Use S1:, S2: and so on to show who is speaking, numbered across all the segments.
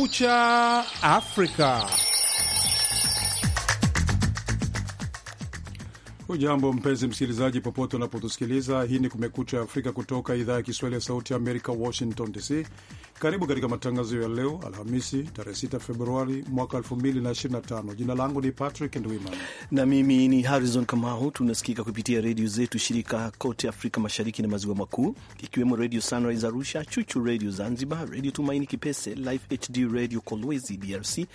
S1: Kumekucha Afrika. Hujambo mpenzi msikilizaji, popote unapotusikiliza. Hii ni Kumekucha Afrika kutoka idhaa ya Kiswahili ya Sauti ya Amerika, Washington DC. Karibu katika matangazo ya leo Alhamisi, tarehe 6 Februari mwaka 2025. Jina langu ni Patrick Ndwiman
S2: na mimi ni Harrison Kamau. Tunasikika kupitia redio zetu shirika kote Afrika Mashariki na Maziwa Makuu, ikiwemo Redio Sunrise Arusha, Chuchu Redio Zanzibar, Redio Tumaini Kipese, Life HD Radio Kolwezi DRC,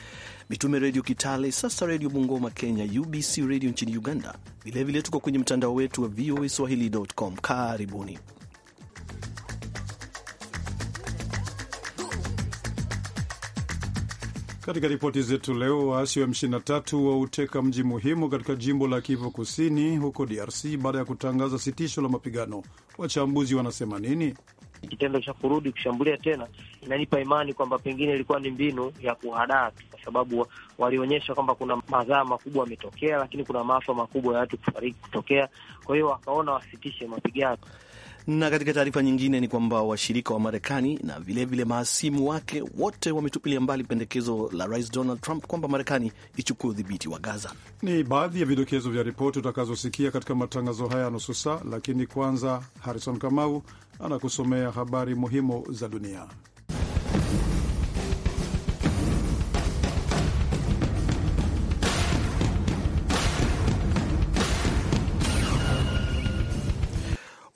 S2: Mitume Redio Kitale, Sasa Redio Bungoma Kenya, UBC Redio nchini Uganda. Vilevile tuko kwenye mtandao wetu wa VOA Swahili.com. Karibuni. Katika ripoti zetu leo,
S1: waasi wa M23 wauteka mji muhimu katika jimbo la Kivu Kusini huko DRC baada ya kutangaza sitisho la mapigano. Wachambuzi wanasema nini?
S3: Kitendo cha kurudi kushambulia tena inanipa imani kwamba pengine ilikuwa ni mbinu ya kuhadaa tu, kwa sababu walionyesha kwamba kuna madhaa makubwa yametokea, lakini kuna maafa makubwa ya watu kufariki kutokea. Kwa hiyo wakaona wasitishe mapigano.
S2: Na katika taarifa nyingine ni kwamba washirika wa Marekani na vilevile vile mahasimu wake wote wametupilia mbali pendekezo la Rais Donald Trump kwamba Marekani ichukue udhibiti wa Gaza.
S1: Ni baadhi ya vidokezo vya ripoti utakazosikia katika matangazo haya nusu saa, lakini kwanza, Harrison Kamau anakusomea habari muhimu za dunia.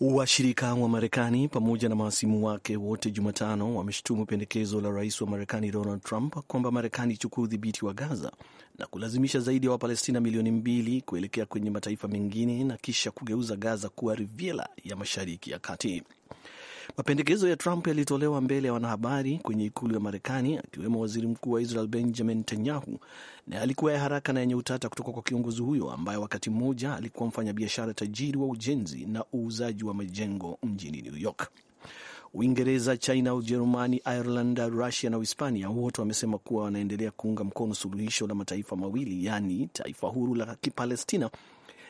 S2: Washirika wa Marekani pamoja na mahasimu wake wote Jumatano wameshutumu pendekezo la rais wa Marekani Donald Trump kwamba Marekani ichukue udhibiti wa Gaza na kulazimisha zaidi ya wa Wapalestina milioni mbili kuelekea kwenye mataifa mengine na kisha kugeuza Gaza kuwa Riviera ya Mashariki ya Kati. Mapendekezo ya Trump yalitolewa mbele ya wanahabari kwenye ikulu ya Marekani, akiwemo waziri mkuu wa Israel Benjamin Netanyahu, na yalikuwa ya haraka na yenye utata kutoka kwa kiongozi huyo ambaye wakati mmoja alikuwa mfanyabiashara tajiri wa ujenzi na uuzaji wa majengo mjini New York. Uingereza, China, Ujerumani, Ireland, Rusia na Uhispania wote wamesema kuwa wanaendelea kuunga mkono suluhisho la mataifa mawili, yaani taifa huru la Kipalestina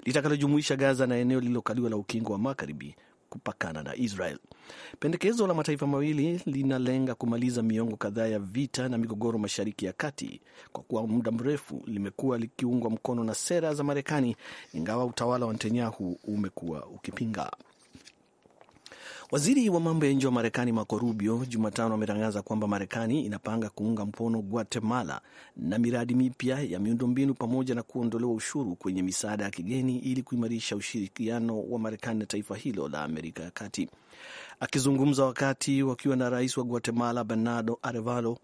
S2: litakalojumuisha Gaza na eneo lililokaliwa la Ukingo wa Magharibi, kupakana na Israel. Pendekezo la mataifa mawili linalenga kumaliza miongo kadhaa ya vita na migogoro Mashariki ya Kati, kwa kuwa muda mrefu limekuwa likiungwa mkono na sera za Marekani, ingawa utawala wa Netanyahu umekuwa ukipinga. Waziri wa mambo ya nje wa Marekani Marco Rubio Jumatano ametangaza kwamba Marekani inapanga kuunga mkono Guatemala na miradi mipya ya miundombinu pamoja na kuondolewa ushuru kwenye misaada ya kigeni ili kuimarisha ushirikiano wa Marekani na taifa hilo la Amerika ya Kati. Akizungumza wakati wakiwa na rais wa Guatemala Bernardo Arevalo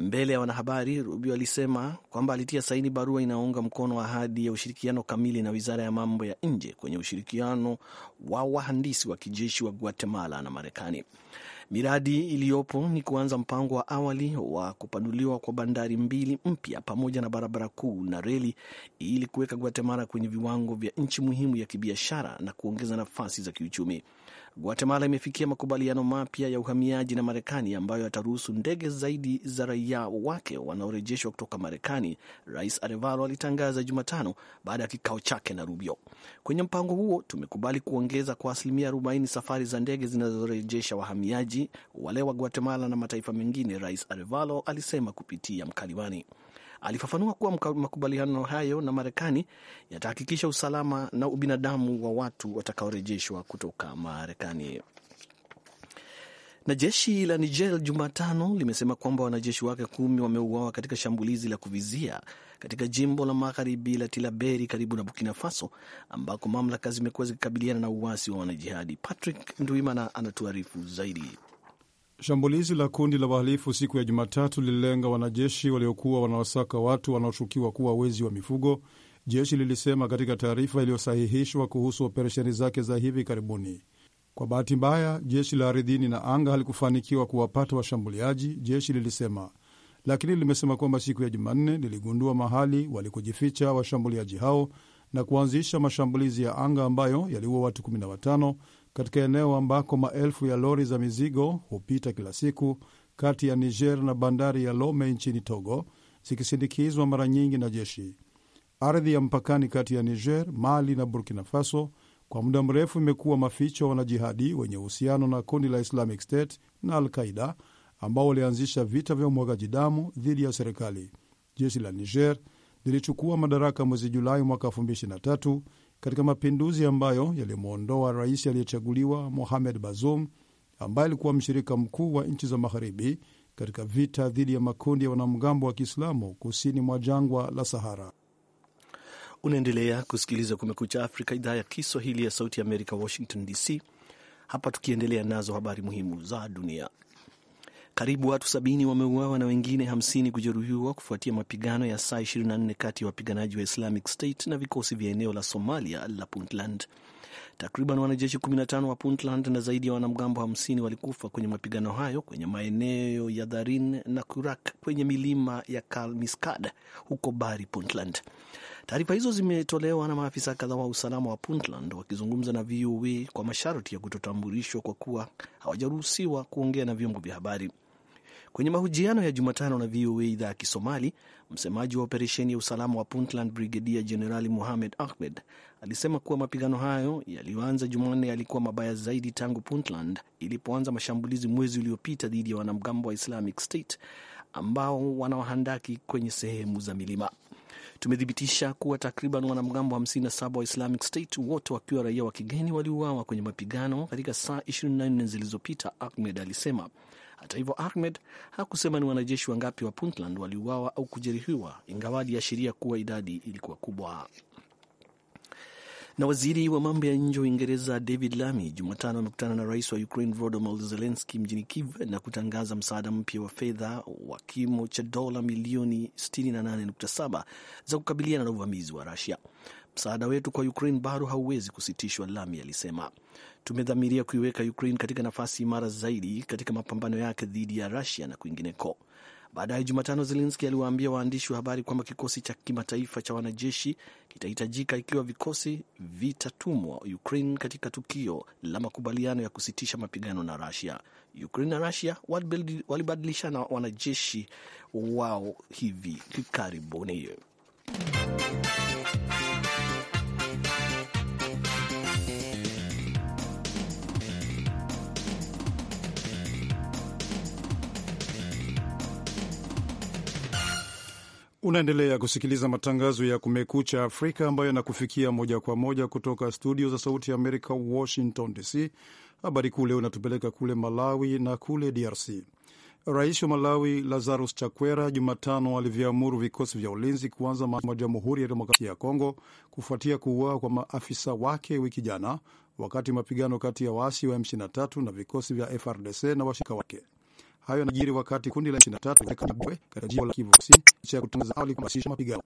S2: mbele ya wanahabari, Rubio alisema kwamba alitia saini barua inayounga mkono ahadi ya ushirikiano kamili na wizara ya mambo ya nje kwenye ushirikiano wa wahandisi wa kijeshi wa Guatemala na Marekani. Miradi iliyopo ni kuanza mpango wa awali wa kupanuliwa kwa bandari mbili mpya pamoja na barabara kuu na reli ili kuweka Guatemala kwenye viwango vya nchi muhimu ya kibiashara na kuongeza nafasi za kiuchumi. Guatemala imefikia makubaliano mapya ya uhamiaji na Marekani ambayo yataruhusu ndege zaidi za raia wake wanaorejeshwa kutoka Marekani, Rais Arevalo alitangaza Jumatano baada ya kikao chake na Rubio. Kwenye mpango huo, tumekubali kuongeza kwa asilimia 40 safari za ndege zinazorejesha wahamiaji wale wa Guatemala na mataifa mengine, Rais Arevalo alisema kupitia mkaliwani Alifafanua kuwa makubaliano hayo na Marekani yatahakikisha usalama na ubinadamu wa watu watakaorejeshwa kutoka Marekani. Na jeshi la Niger Jumatano limesema kwamba wanajeshi wake kumi wameuawa katika shambulizi la kuvizia katika jimbo la magharibi la Tilaberi karibu na Burkina Faso, ambako mamlaka zimekuwa zikikabiliana na uasi wa wanajihadi. Patrick Nduimana anatuarifu zaidi.
S1: Shambulizi la kundi la wahalifu siku ya Jumatatu lililenga wanajeshi waliokuwa wanawasaka watu wanaoshukiwa kuwa wezi wa mifugo, jeshi lilisema katika taarifa iliyosahihishwa kuhusu operesheni zake za hivi karibuni. Kwa bahati mbaya, jeshi la ardhini na anga halikufanikiwa kuwapata washambuliaji, jeshi lilisema, lakini limesema kwamba siku ya Jumanne liligundua mahali walikojificha washambuliaji hao na kuanzisha mashambulizi ya anga ambayo yaliua watu 15 katika eneo ambako maelfu ya lori za mizigo hupita kila siku kati ya Niger na bandari ya Lome nchini Togo, zikisindikizwa mara nyingi na jeshi. Ardhi ya mpakani kati ya Niger, Mali na Burkina Faso kwa muda mrefu imekuwa maficho wanajihadi wenye uhusiano na kundi la Islamic State na Al Qaida ambao walianzisha vita vya umwagaji damu dhidi ya serikali. Jeshi la Niger lilichukua madaraka mwezi Julai mwaka katika mapinduzi ambayo yalimwondoa rais aliyechaguliwa Mohamed Bazoum ambaye alikuwa mshirika mkuu wa nchi za magharibi katika vita dhidi ya makundi ya wanamgambo wa Kiislamu kusini mwa jangwa la Sahara.
S2: Unaendelea kusikiliza Kumekucha Afrika, idhaa ya Kiswahili ya Sauti ya Amerika, Washington DC. Hapa tukiendelea nazo habari muhimu za dunia. Karibu watu sabini wameuawa na wengine hamsini kujeruhiwa kufuatia mapigano ya saa 24 kati ya wapiganaji wa Islamic State na vikosi vya eneo la Somalia la Puntland. Takriban wanajeshi 15 wa Puntland na zaidi ya wanamgambo 50 walikufa kwenye mapigano hayo kwenye maeneo ya Dharin na Kurak kwenye milima ya Kalmiskad huko Bari, Puntland. Taarifa hizo zimetolewa na maafisa kadhaa wa usalama wa Puntland wakizungumza na VOA kwa masharti ya kutotambulishwa kwa kuwa hawajaruhusiwa kuongea na vyombo vya habari. Kwenye mahojiano ya Jumatano na VOA idhaa ya Kisomali, msemaji wa operesheni ya usalama wa Puntland, Brigedia Jenerali Muhamed Ahmed alisema kuwa mapigano hayo yaliyoanza Jumanne yalikuwa mabaya zaidi tangu Puntland ilipoanza mashambulizi mwezi uliopita dhidi ya wanamgambo wa Islamic State ambao wanawahandaki kwenye sehemu za milima. Tumethibitisha kuwa takriban wanamgambo 57 wa Islamic State, wote wakiwa raia wa kigeni, waliuawa kwenye mapigano katika saa 24 zilizopita, Ahmed alisema hata hivyo, Ahmed hakusema ni wanajeshi wangapi wa Puntland waliuawa au kujeruhiwa, ingawa aliashiria kuwa idadi ilikuwa kubwa. Na waziri wa mambo ya nje wa Uingereza David Lammy Jumatano amekutana na rais wa Ukraine Volodymyr Zelensky mjini Kiev na kutangaza msaada mpya wa fedha wa kimo cha dola milioni 68.7 za kukabiliana na uvamizi wa Rusia. Msaada wetu kwa Ukraine bado hauwezi kusitishwa, Lami alisema. Tumedhamiria kuiweka Ukraine katika nafasi imara zaidi katika mapambano yake dhidi ya Rusia na kwingineko. Baadaye Jumatano, Zelenski aliwaambia waandishi wa habari kwamba kikosi cha kimataifa cha wanajeshi kitahitajika ikiwa vikosi vitatumwa Ukraine katika tukio la makubaliano ya kusitisha mapigano na Rusia. Ukraine na Rusia walibadilishana wanajeshi wao hivi karibuni.
S1: Unaendelea kusikiliza matangazo ya Kumekucha Afrika ambayo yanakufikia moja kwa moja kutoka studio za Sauti ya Amerika, Washington DC. Habari kuu leo inatupeleka kule Malawi na kule DRC. Rais wa Malawi Lazarus Chakwera Jumatano aliviamuru vikosi vya ulinzi kuanza mwa Jamhuri ya Demokrasia ya Kongo kufuatia kuuawa kwa maafisa wake wiki jana, wakati mapigano kati ya waasi wa M23 na vikosi vya FRDC na washirika wake. Hayo yanajiri wakati kundi la M23 katika jimbo la Kivu Kusini cha kutangaza awali kuhamasisha mapigano.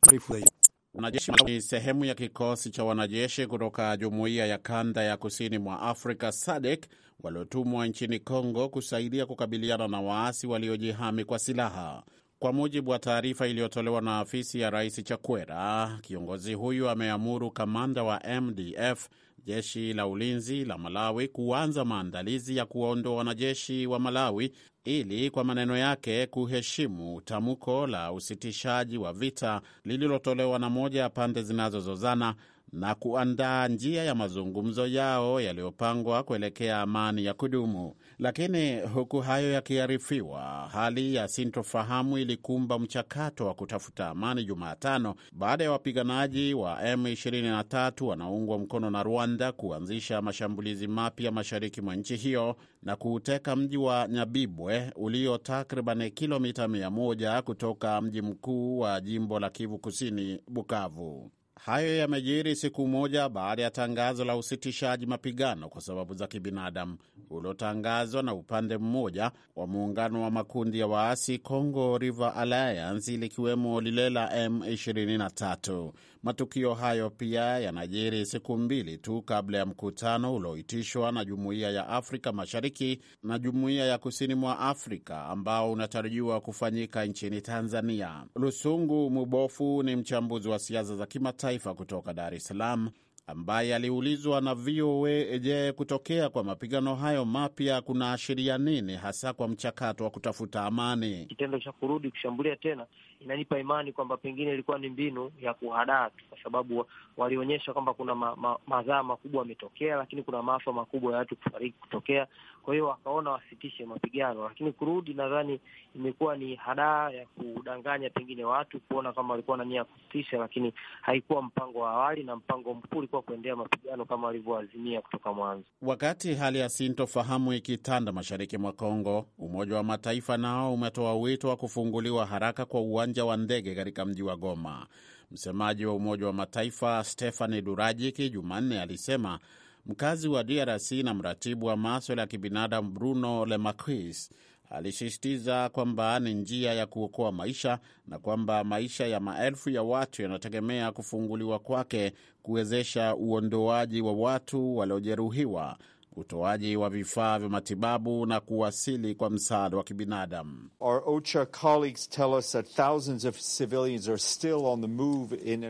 S1: Taarifa zaidi
S4: Wanajeshi ni sehemu ya kikosi cha wanajeshi kutoka jumuiya ya kanda ya kusini mwa Afrika SADC waliotumwa nchini Kongo kusaidia kukabiliana na waasi waliojihami kwa silaha. Kwa mujibu wa taarifa iliyotolewa na afisi ya Rais Chakwera, kiongozi huyu ameamuru kamanda wa MDF jeshi la ulinzi la Malawi kuanza maandalizi ya kuwaondoa wanajeshi wa Malawi ili kwa maneno yake kuheshimu tamko la usitishaji wa vita lililotolewa na moja ya pande zinazozozana na kuandaa njia ya mazungumzo yao yaliyopangwa kuelekea amani ya kudumu. Lakini huku hayo yakiarifiwa, hali ya sintofahamu ilikumba mchakato wa kutafuta amani Jumatano baada ya wapiganaji wa M23 wanaoungwa mkono na Rwanda kuanzisha mashambulizi mapya mashariki mwa nchi hiyo na kuuteka mji wa Nyabibwe ulio takriban kilomita 100 kutoka mji mkuu wa jimbo la Kivu Kusini, Bukavu. Hayo yamejiri siku moja baada ya tangazo la usitishaji mapigano kwa sababu za kibinadamu uliotangazwa na upande mmoja wa muungano wa makundi ya waasi Congo River Alliance likiwemo lile la M23. Matukio hayo pia yanajiri siku mbili tu kabla ya mkutano ulioitishwa na Jumuiya ya Afrika Mashariki na Jumuiya ya Kusini mwa Afrika ambao unatarajiwa kufanyika nchini Tanzania. Lusungu Mubofu ni mchambuzi wa siasa za kimataifa Mataifa kutoka Dar es Salaam ambaye aliulizwa na VOA, je, kutokea kwa mapigano hayo mapya kuna ashiria nini hasa kwa mchakato wa kutafuta amani?
S3: Kitendo cha kurudi kushambulia tena inanipa imani kwamba pengine ilikuwa ni mbinu ya kuhadaa tu, kwa sababu walionyesha kwamba kuna ma, ma, madhaa makubwa yametokea, lakini kuna maafa makubwa ya watu kufariki kutokea. Kwa hiyo wakaona wasitishe mapigano, lakini kurudi, nadhani imekuwa ni hadaa ya kudanganya pengine watu kuona kama walikuwa na nia ya kusitisha, lakini haikuwa mpango wa awali, na mpango mkuu ulikuwa kuendea mapigano kama walivyoazimia kutoka mwanzo.
S4: Wakati hali ya sintofahamu ikitanda mashariki mwa Kongo, Umoja wa Mataifa nao umetoa wito wa kufunguliwa haraka kwa uwanja uwanja wa ndege katika mji wa Goma. Msemaji wa Umoja wa Mataifa Stephane Durajiki Jumanne alisema mkazi wa DRC na mratibu wa maswala ya kibinadamu Bruno Lemarquis alisisitiza kwamba ni njia ya kuokoa maisha na kwamba maisha ya maelfu ya watu yanategemea kufunguliwa kwake kuwezesha uondoaji wa watu waliojeruhiwa utoaji wa vifaa vya matibabu na kuwasili kwa msaada wa kibinadamu.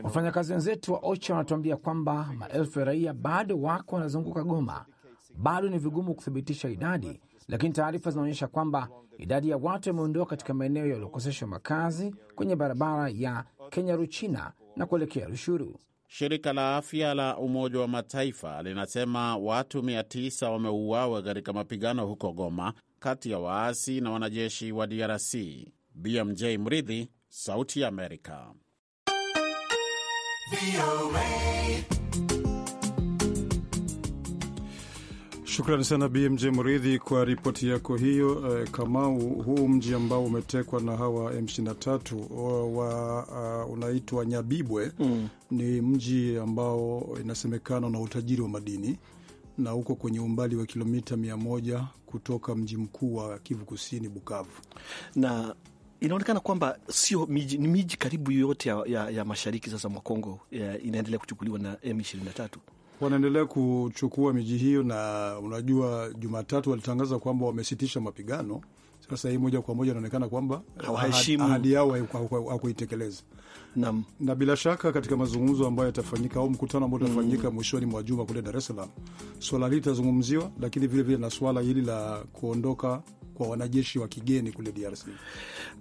S5: Wafanyakazi wenzetu wa OCHA wanatuambia kwamba maelfu ya raia bado wako wanazunguka Goma. Bado ni vigumu kuthibitisha idadi, lakini taarifa zinaonyesha kwamba idadi ya watu wameondoka katika maeneo yaliyokoseshwa makazi kwenye barabara ya
S3: Kenya Ruchina na kuelekea Rushuru.
S4: Shirika la afya la Umoja wa Mataifa linasema watu 900 wameuawa katika mapigano huko Goma kati ya waasi na wanajeshi wa DRC. BMJ Mridhi, Sauti ya Amerika.
S1: Shukrani sana BMJ Mridhi kwa ripoti yako hiyo. Eh, Kamau, huu mji ambao umetekwa na hawa M23 uh, unaitwa Nyabibwe mm. Ni mji ambao inasemekana na utajiri wa madini na uko kwenye umbali wa kilomita mia moja kutoka mji mkuu wa Kivu
S2: Kusini, Bukavu na inaonekana kwamba sio miji, ni miji karibu yote ya, ya, ya mashariki sasa mwa Kongo inaendelea kuchukuliwa na M23 wanaendelea
S1: kuchukua miji hiyo, na unajua Jumatatu walitangaza kwamba wamesitisha mapigano. Sasa hii moja kwa moja inaonekana kwamba ahadi yao hakuitekeleza. Naam, na bila shaka katika mazungumzo ambayo yatafanyika au mkutano ambao utafanyika mm. mwishoni mm, mwa juma kule Dar es Salaam, swala hili litazungumziwa, lakini vilevile na swala hili la kuondoka kwa
S2: wanajeshi wa kigeni kule DRC.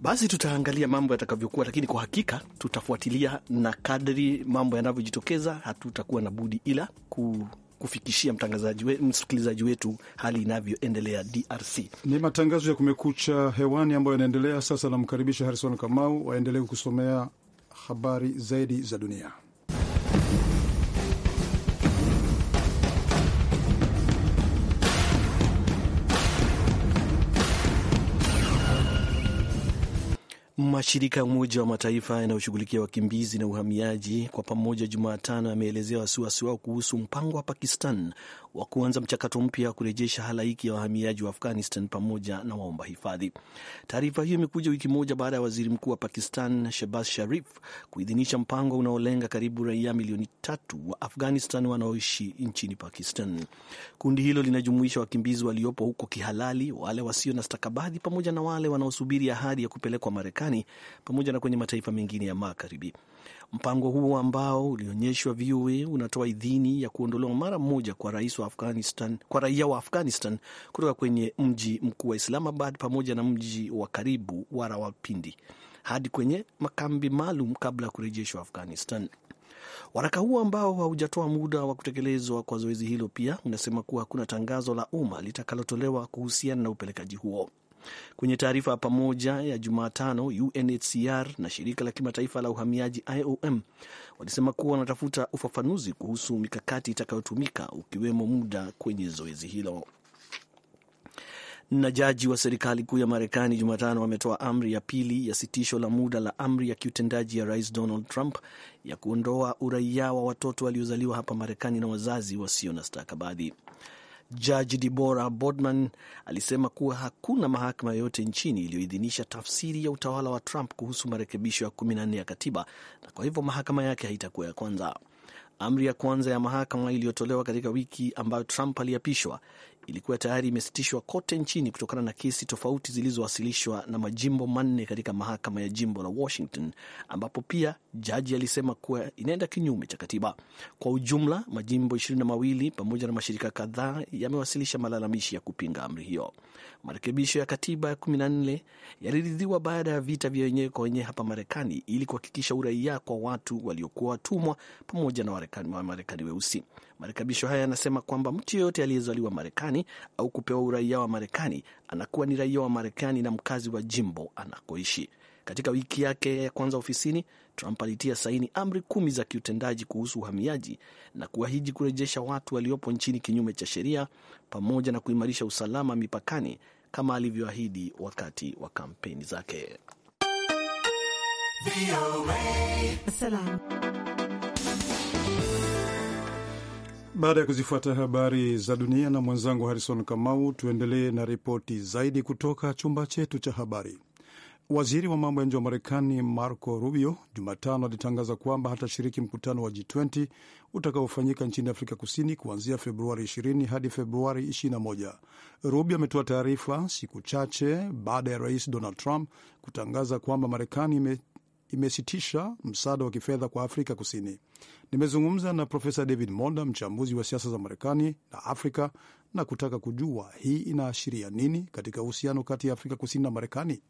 S2: Basi tutaangalia mambo yatakavyokuwa, lakini kwa hakika tutafuatilia, na kadri mambo yanavyojitokeza hatutakuwa na budi ila ku kufikishia mtangazaji we, msikilizaji wetu hali inavyoendelea DRC.
S1: Ni matangazo ya Kumekucha hewani ambayo yanaendelea sasa. Namkaribisha Harison Kamau aendelee kusomea habari zaidi za dunia.
S2: mashirika ya Umoja wa Mataifa yanayoshughulikia wakimbizi na uhamiaji kwa pamoja Jumatano yameelezea wasiwasi wao kuhusu mpango wa Pakistan wa kuanza mchakato mpya kurejesha halaiki ya wahamiaji wa Afghanistan pamoja na waomba hifadhi. Taarifa hiyo imekuja wiki moja baada ya waziri mkuu wa Pakistan Shehbaz Sharif kuidhinisha mpango unaolenga karibu raia milioni tatu wa Afghanistan wanaoishi nchini Pakistan. Kundi hilo linajumuisha wakimbizi waliopo huko kihalali, wale wasio na stakabadhi, pamoja na wale wanaosubiri ahadi ya kupelekwa Marekani pamoja na kwenye mataifa mengine ya Magharibi. Mpango huo ambao ulionyeshwa VOA unatoa idhini ya kuondolewa mara moja kwa rais wa Afghanistan, kwa raia wa Afghanistan kutoka kwenye mji mkuu wa Islamabad pamoja na mji wa karibu wa Rawalpindi hadi kwenye makambi maalum kabla ya kurejeshwa Afghanistan. Waraka huo ambao haujatoa muda wa kutekelezwa kwa zoezi hilo pia unasema kuwa hakuna tangazo la umma litakalotolewa kuhusiana na upelekaji huo. Kwenye taarifa ya pamoja ya Jumatano, UNHCR na shirika la kimataifa la uhamiaji IOM walisema kuwa wanatafuta ufafanuzi kuhusu mikakati itakayotumika ukiwemo muda kwenye zoezi hilo. Na jaji wa serikali kuu ya Marekani Jumatano ametoa amri ya pili ya sitisho la muda la amri ya kiutendaji ya Rais Donald Trump ya kuondoa uraia wa watoto waliozaliwa hapa Marekani na wazazi wasio na stakabadhi. Jaji Debora bodman alisema kuwa hakuna mahakama yoyote nchini iliyoidhinisha tafsiri ya utawala wa Trump kuhusu marekebisho ya kumi na nne ya katiba, na kwa hivyo mahakama yake haitakuwa ya kwanza. Amri ya kwanza ya mahakama iliyotolewa katika wiki ambayo Trump aliapishwa ilikuwa tayari imesitishwa kote nchini kutokana na kesi tofauti zilizowasilishwa na majimbo manne katika mahakama ya jimbo la Washington, ambapo pia jaji alisema kuwa inaenda kinyume cha katiba. Kwa ujumla, majimbo ishirini na mawili pamoja na mashirika kadhaa yamewasilisha malalamishi ya kupinga amri hiyo. Marekebisho ya katiba ya 14 yaliridhiwa baada ya vita vya wenyewe kwa wenyewe hapa Marekani ili kuhakikisha uraia kwa watu waliokuwa watumwa pamoja na Wamarekani weusi. Marekebisho haya yanasema kwamba mtu yeyote aliyezaliwa Marekani au kupewa uraia wa Marekani anakuwa ni raia wa Marekani na mkazi wa jimbo anakoishi. Katika wiki yake ya kwanza ofisini, Trump alitia saini amri kumi za kiutendaji kuhusu uhamiaji na kuahidi kurejesha watu waliopo nchini kinyume cha sheria pamoja na kuimarisha usalama mipakani kama alivyoahidi wakati wa kampeni zake. Baada ya kuzifuata
S1: habari za dunia na mwenzangu Harrison Kamau, tuendelee na ripoti zaidi kutoka chumba chetu cha habari. Waziri wa mambo ya nje wa Marekani Marco Rubio Jumatano alitangaza kwamba hatashiriki mkutano wa G20 utakaofanyika nchini Afrika Kusini kuanzia Februari 20 hadi Februari 21. Rubio ametoa taarifa siku chache baada ya Rais Donald Trump kutangaza kwamba Marekani ime imesitisha msaada wa kifedha kwa Afrika Kusini. Nimezungumza na Profesa David Monda, mchambuzi wa siasa za Marekani na Afrika, na kutaka kujua hii inaashiria nini katika uhusiano kati ya Afrika Kusini na Marekani.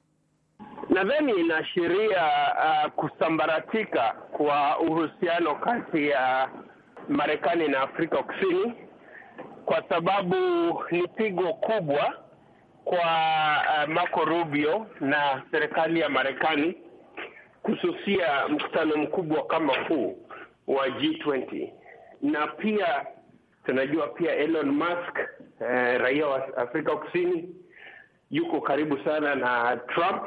S6: Nadhani inaashiria uh, kusambaratika kwa uhusiano kati ya Marekani na Afrika Kusini, kwa sababu ni pigo kubwa kwa uh, Marco Rubio na serikali ya Marekani kususia mkutano mkubwa kama huu wa G20, na pia tunajua pia Elon Musk eh, raia wa Afrika Kusini yuko karibu sana na Trump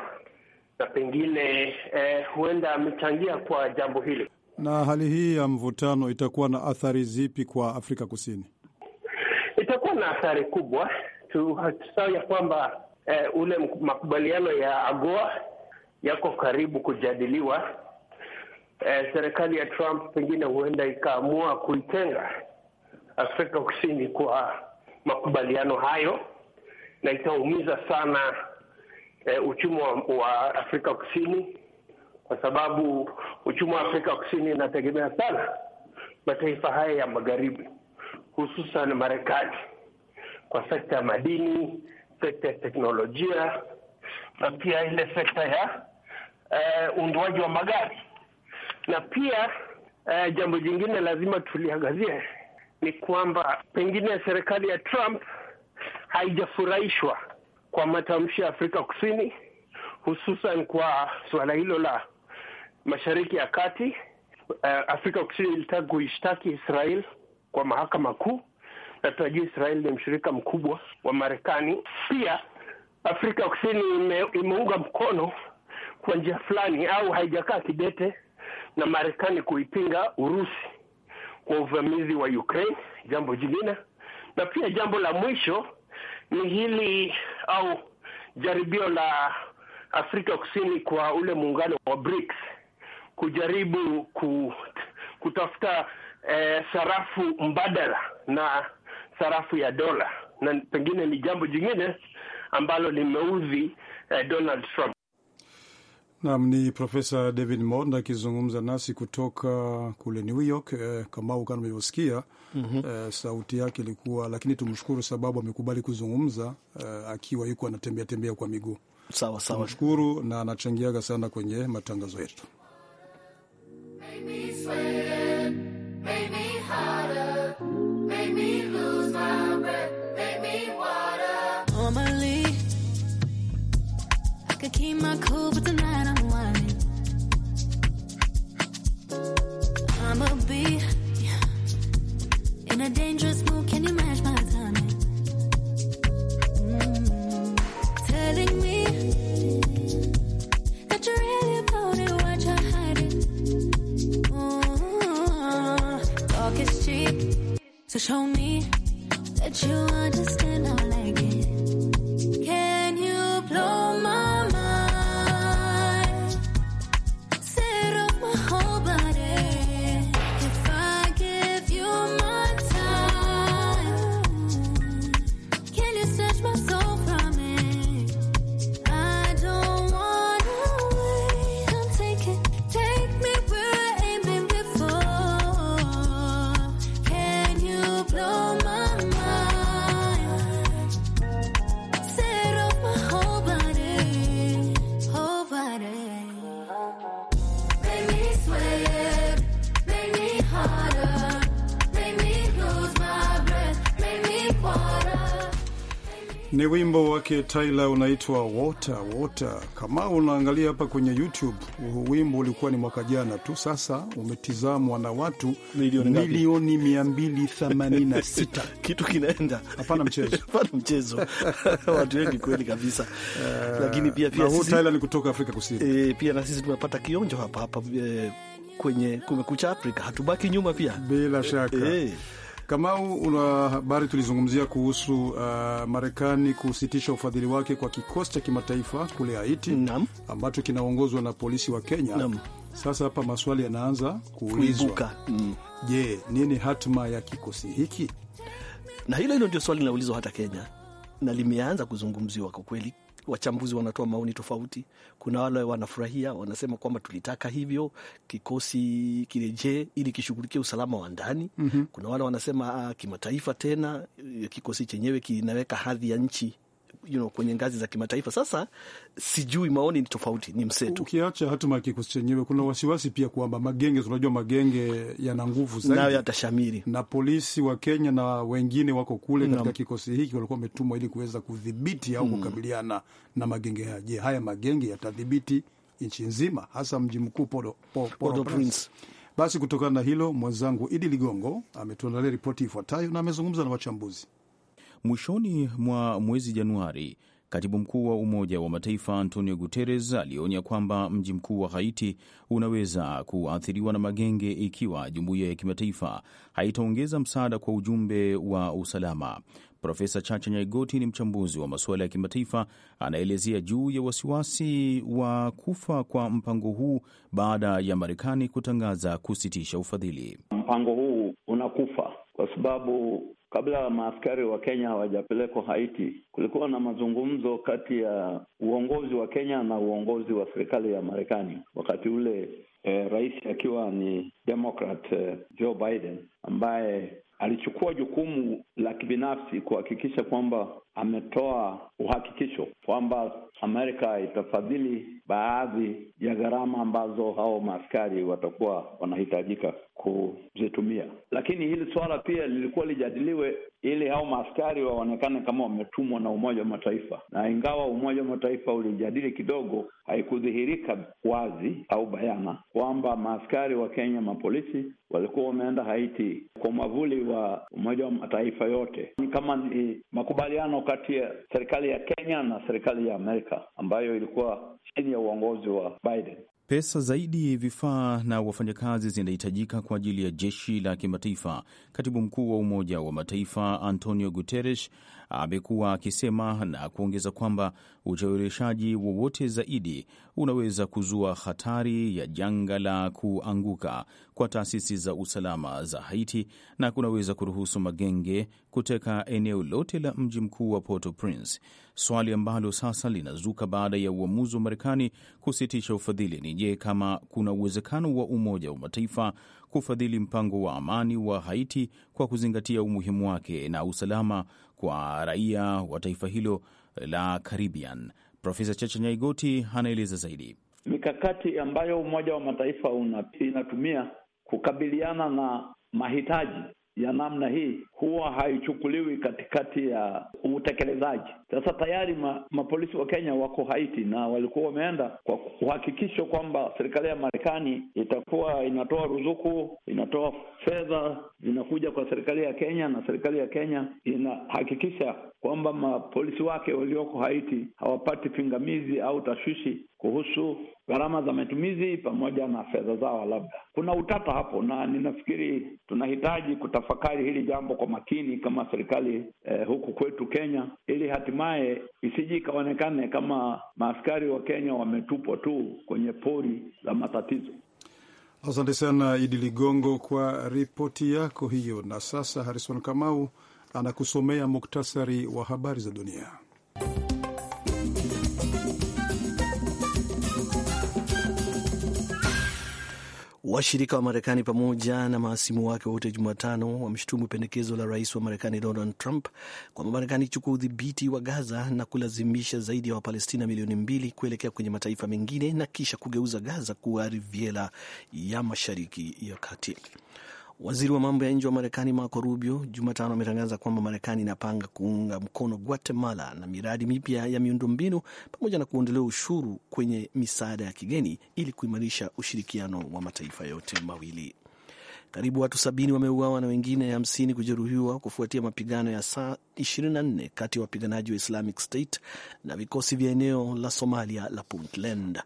S6: na pengine eh, huenda amechangia kwa jambo hili.
S1: Na hali hii ya mvutano itakuwa na athari zipi kwa Afrika Kusini?
S6: Itakuwa na athari kubwa. Tusahau ya kwamba eh, ule makubaliano ya AGOA yako karibu kujadiliwa. Eh, serikali ya Trump pengine huenda ikaamua kuitenga Afrika Kusini kwa makubaliano hayo, na itaumiza sana e, uchumi wa Afrika Kusini, kwa sababu uchumi wa Afrika Kusini inategemea sana mataifa haya ya magharibi, hususan Marekani kwa sekta ya madini, sekta ya teknolojia na pia ile sekta ya eh, uundwaji wa magari na pia uh, jambo jingine lazima tuliangazie ni kwamba pengine serikali ya Trump haijafurahishwa kwa matamshi ya Afrika Kusini, hususan kwa suala hilo la mashariki ya kati. Eh, Afrika Kusini ilitaka kuishtaki Israel kwa mahakama kuu, na tunajua Israel ni mshirika mkubwa wa Marekani. Pia Afrika Kusini ime, imeunga mkono kwa njia fulani au haijakaa kidete na Marekani kuipinga Urusi kwa uvamizi wa Ukraine, jambo jingine. Na pia jambo la mwisho ni hili au jaribio la Afrika Kusini kwa ule muungano wa BRICS kujaribu kutafuta eh, sarafu mbadala na sarafu ya dola, na pengine ni jambo jingine ambalo limeudhi eh, Donald Trump.
S1: Nam ni Profesa David Mond akizungumza nasi kutoka kule New York. Eh, kama ulivyosikia mm -hmm. Eh, sauti yake ilikuwa, lakini tumshukuru sababu amekubali kuzungumza eh, akiwa yuko anatembea tembea kwa miguu. Sawa sawa, tumshukuru na anachangiaga sana kwenye matangazo yetu.
S7: could keep my cool, but tonight I'm whining. i am a bee in a dangerous mood. Can you match my timing? Mm. Telling me that you're really about it, what you're hiding. Mm-hmm. talk is cheap, so show me that you understand. I like it.
S1: wake Tyler unaitwa water water. Kama unaangalia hapa kwenye YouTube, huu wimbo ulikuwa ni mwaka jana tu, sasa umetizamwa na watu milioni 286.
S2: Kitu kinaenda hapana mchezo, hapana mchezo, watu wengi kweli kabisa. Eh, Lakini pia pia sisi Tyler ni kutoka Afrika Kusini, e, pia na sisi tumepata kionjo hapa hapa e, kwenye Kumekucha Afrika, hatubaki nyuma pia bila shaka e. Kamau, una
S1: habari tulizungumzia kuhusu uh, Marekani kusitisha ufadhili wake kwa kikosi cha kimataifa kule Haiti ambacho kinaongozwa na polisi wa Kenya Naam. Sasa hapa maswali
S2: yanaanza kuulizwa. Mm. Je, nini hatima ya kikosi hiki? Na hilo hilo ndio swali linaulizwa hata Kenya na limeanza kuzungumziwa kwa kweli wachambuzi wanatoa maoni tofauti. Kuna wale wanafurahia, wanasema kwamba tulitaka hivyo kikosi kirejee ili kishughulikie usalama wa ndani. mm -hmm. Kuna wale wanasema ah, kimataifa tena kikosi chenyewe kinaweka hadhi ya nchi you know, kwenye ngazi za kimataifa. Sasa sijui, maoni ni tofauti, ni mseto. Ukiacha hatuma ya kikosi chenyewe, kuna wasiwasi pia kwamba
S1: magenge, tunajua magenge yana nguvu zaidi, nayo
S2: yatashamiri,
S1: na polisi wa Kenya na wengine wako kule katika mm. kikosi hiki walikuwa wametumwa ili kuweza kudhibiti au mm. kukabiliana mm. na magenge haya. Je, haya magenge yatadhibiti nchi nzima, hasa mji mkuu Port au Prince? Basi kutokana na hilo, mwenzangu Idi Ligongo ametuandalia ripoti ifuatayo na amezungumza na wachambuzi.
S5: Mwishoni mwa mwezi Januari, katibu mkuu wa Umoja wa Mataifa Antonio Guterres alionya kwamba mji mkuu wa Haiti unaweza kuathiriwa na magenge ikiwa jumuiya ya kimataifa haitaongeza msaada kwa ujumbe wa usalama. Profesa Chacha Nyaigoti ni mchambuzi wa masuala ya kimataifa, anaelezea juu ya wasiwasi wa kufa kwa mpango huu baada ya Marekani kutangaza kusitisha ufadhili.
S8: Mpango huu unakufa kwa sababu kabla maaskari wa Kenya hawajapelekwa Haiti, kulikuwa na mazungumzo kati ya uongozi wa Kenya na uongozi wa serikali ya Marekani wakati ule, eh, rais akiwa ni Democrat eh, Joe Biden ambaye alichukua jukumu la kibinafsi kuhakikisha kwamba ametoa uhakikisho kwamba Amerika itafadhili baadhi ya gharama ambazo hao maaskari watakuwa wanahitajika kuzitumia. Lakini hili suala pia lilikuwa lijadiliwe ili hao maaskari waonekane kama wametumwa na Umoja wa Mataifa, na ingawa Umoja wa Mataifa ulijadili kidogo, haikudhihirika wazi au bayana kwamba maaskari wa Kenya, mapolisi walikuwa wameenda Haiti kwa mwavuli wa Umoja wa Mataifa yote. Ni kama ni makubaliano uhusiano kati ya serikali ya Kenya na serikali ya Amerika ambayo ilikuwa chini ya uongozi wa Biden.
S5: Pesa zaidi, vifaa na wafanyakazi zinahitajika kwa ajili ya jeshi la kimataifa. Katibu mkuu wa Umoja wa Mataifa Antonio Guterres amekuwa akisema na kuongeza kwamba ucheleweshaji wowote zaidi unaweza kuzua hatari ya janga la kuanguka kwa taasisi za usalama za Haiti na kunaweza kuruhusu magenge kuteka eneo lote la mji mkuu wa Port-au-Prince, swali ambalo sasa linazuka baada ya uamuzi wa Marekani kusitisha ufadhili ni je, kama kuna uwezekano wa Umoja wa Mataifa kufadhili mpango wa amani wa Haiti kwa kuzingatia umuhimu wake na usalama kwa raia wa taifa hilo la Caribbean. Profesa Chacha Nyaigoti anaeleza zaidi
S8: mikakati ambayo Umoja wa Mataifa unatumia kukabiliana na mahitaji ya namna hii huwa haichukuliwi katikati ya utekelezaji. Sasa tayari ma, mapolisi wa Kenya wako Haiti na walikuwa wameenda kwa kuhakikisha kwamba serikali ya Marekani itakuwa inatoa ruzuku, inatoa fedha zinakuja kwa serikali ya Kenya na serikali ya Kenya inahakikisha kwamba mapolisi wake walioko Haiti hawapati pingamizi au tashwishi kuhusu gharama za matumizi pamoja na fedha zao. Labda kuna utata hapo, na ninafikiri tunahitaji kutafakari hili jambo kwa makini kama serikali eh, huku kwetu Kenya, ili hatimaye isiji ikaonekane kama maaskari wa Kenya wametupwa tu kwenye pori la matatizo.
S1: Asante sana Idi Ligongo kwa ripoti yako hiyo. Na sasa Harrison Kamau anakusomea muktasari wa habari za dunia.
S2: Washirika wa Marekani pamoja na mahasimu wake wote Jumatano wameshutumu pendekezo la rais wa Marekani Donald Trump kwamba Marekani ichukua udhibiti wa Gaza na kulazimisha zaidi ya Wapalestina milioni mbili kuelekea kwenye mataifa mengine na kisha kugeuza Gaza kuwa Riviera ya Mashariki ya Kati. Waziri wa mambo ya nje wa Marekani Marco Rubio Jumatano ametangaza kwamba Marekani inapanga kuunga mkono Guatemala na miradi mipya ya miundombinu pamoja na kuondolea ushuru kwenye misaada ya kigeni ili kuimarisha ushirikiano wa mataifa yote mawili. Karibu watu sabini wameuawa na wengine hamsini kujeruhiwa kufuatia mapigano ya saa 24 kati ya wapiganaji wa Islamic State na vikosi vya eneo la Somalia la Puntland.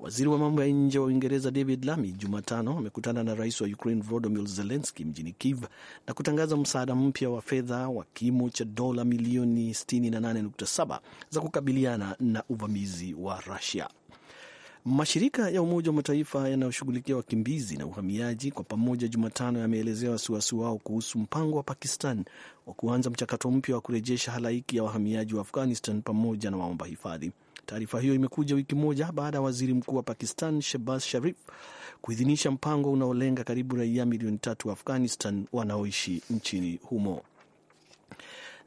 S2: Waziri wa mambo ya nje wa Uingereza David Lammy Jumatano amekutana na rais wa Ukraine Volodymyr Zelensky mjini Kiev na kutangaza msaada mpya wa fedha wa kimo cha dola milioni 68.7 za kukabiliana na uvamizi wa Rusia. Mashirika ya Umoja wa Mataifa yanayoshughulikia wakimbizi na uhamiaji kwa pamoja Jumatano yameelezea wasiwasi wao kuhusu mpango wa Pakistan wa kuanza mchakato mpya wa kurejesha halaiki ya wahamiaji wa Afghanistan pamoja na waomba hifadhi. Taarifa hiyo imekuja wiki moja baada ya waziri mkuu wa Pakistan Shehbaz Sharif kuidhinisha mpango unaolenga karibu raia milioni tatu wa Afghanistan wanaoishi nchini humo.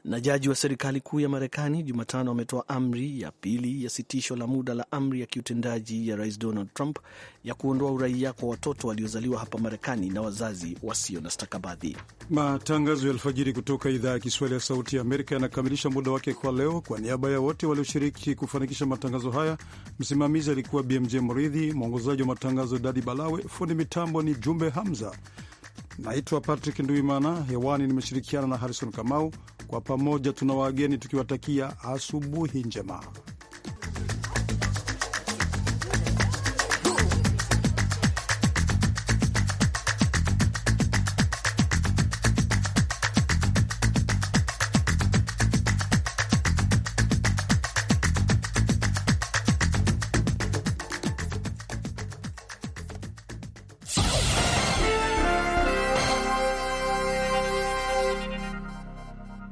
S2: Na jaji wa serikali kuu ya Marekani Jumatano ametoa amri ya pili ya sitisho la muda la amri ya kiutendaji ya rais Donald Trump ya kuondoa uraia kwa watoto waliozaliwa hapa Marekani na wazazi wasio na stakabadhi.
S1: Matangazo ya alfajiri kutoka idhaa ya Kiswahili ya Sauti ya Amerika yanakamilisha muda wake kwa leo. Kwa niaba ya wote walioshiriki kufanikisha matangazo haya, msimamizi alikuwa BMJ Mridhi, mwongozaji wa matangazo Dadi Balawe, fundi mitambo ni Jumbe Hamza. Naitwa Patrick Nduimana, hewani nimeshirikiana na Harrison Kamau. Kwa pamoja tuna wageni tukiwatakia asubuhi njema.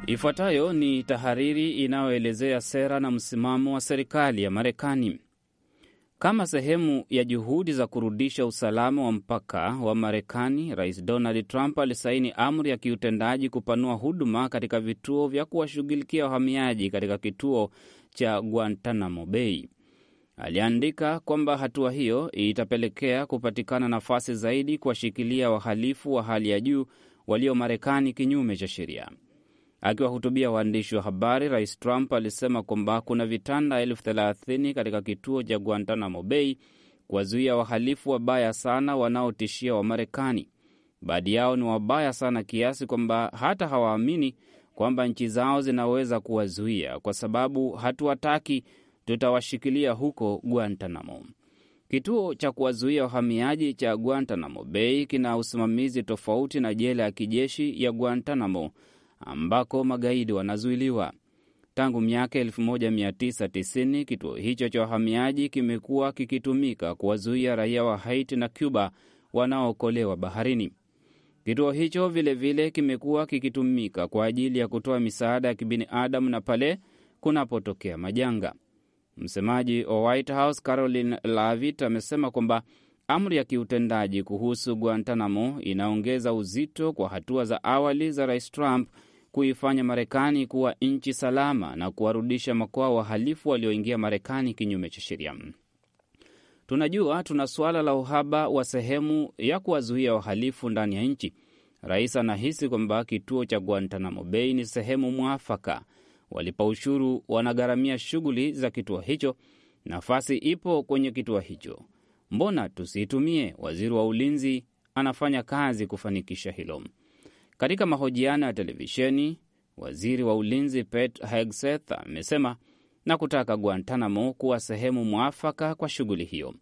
S3: Ifuatayo ni tahariri inayoelezea sera na msimamo wa serikali ya Marekani. Kama sehemu ya juhudi za kurudisha usalama wa mpaka wa Marekani, Rais Donald Trump alisaini amri ya kiutendaji kupanua huduma katika vituo vya kuwashughulikia wahamiaji katika kituo cha Guantanamo Bay. Aliandika kwamba hatua hiyo itapelekea kupatikana nafasi zaidi kuwashikilia wahalifu wa hali ya juu walio Marekani kinyume cha sheria. Akiwahutubia waandishi wa habari, Rais Trump alisema kwamba kuna vitanda elfu thelathini katika kituo cha Guantanamo Bay kuwazuia wahalifu wabaya sana wanaotishia Wamarekani. Baadhi yao ni wabaya sana kiasi kwamba hata hawaamini kwamba nchi zao zinaweza kuwazuia. Kwa sababu hatuwataki, tutawashikilia huko Guantanamo. Kituo cha kuwazuia wahamiaji cha Guantanamo Bay kina usimamizi tofauti na jela ya kijeshi ya Guantanamo ambako magaidi wanazuiliwa. Tangu miaka 1990 kituo hicho cha wahamiaji kimekuwa kikitumika kuwazuia raia wa Haiti na Cuba wanaookolewa baharini. Kituo hicho vilevile kimekuwa kikitumika kwa ajili ya kutoa misaada ya kibinadamu na pale kunapotokea majanga. Msemaji wa White House Caroline amesema kwamba amri ya kiutendaji kuhusu Guantanamo inaongeza uzito kwa hatua za awali za Rais Trump kuifanya Marekani kuwa nchi salama na kuwarudisha makwao wahalifu walioingia Marekani kinyume cha sheria. Tunajua tuna suala la uhaba wa sehemu ya kuwazuia wahalifu ndani ya nchi. Rais anahisi kwamba kituo cha Guantanamo Bay ni sehemu mwafaka. Walipa ushuru wanagharamia shughuli za kituo hicho, nafasi ipo kwenye kituo hicho, mbona tusiitumie? Waziri wa ulinzi anafanya kazi kufanikisha hilo. Katika mahojiano ya televisheni, waziri wa ulinzi Pete Hegseth amesema na kutaka Guantanamo kuwa sehemu mwafaka kwa shughuli hiyo.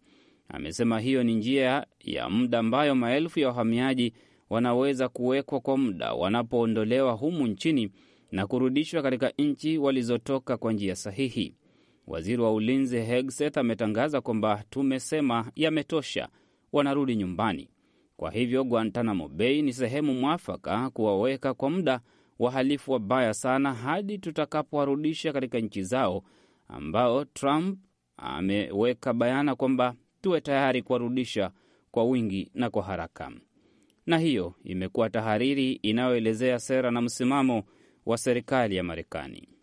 S3: Amesema hiyo ni njia ya muda ambayo maelfu ya wahamiaji wanaweza kuwekwa kwa muda wanapoondolewa humu nchini na kurudishwa katika nchi walizotoka kwa njia sahihi. Waziri wa ulinzi Hegseth ametangaza kwamba tumesema yametosha, wanarudi nyumbani. Kwa hivyo Guantanamo Bay ni sehemu mwafaka kuwaweka kwa muda wahalifu wabaya sana hadi tutakapowarudisha katika nchi zao, ambao Trump ameweka bayana kwamba tuwe tayari kuwarudisha kwa wingi na kwa haraka. Na hiyo imekuwa tahariri inayoelezea sera na msimamo wa serikali ya Marekani.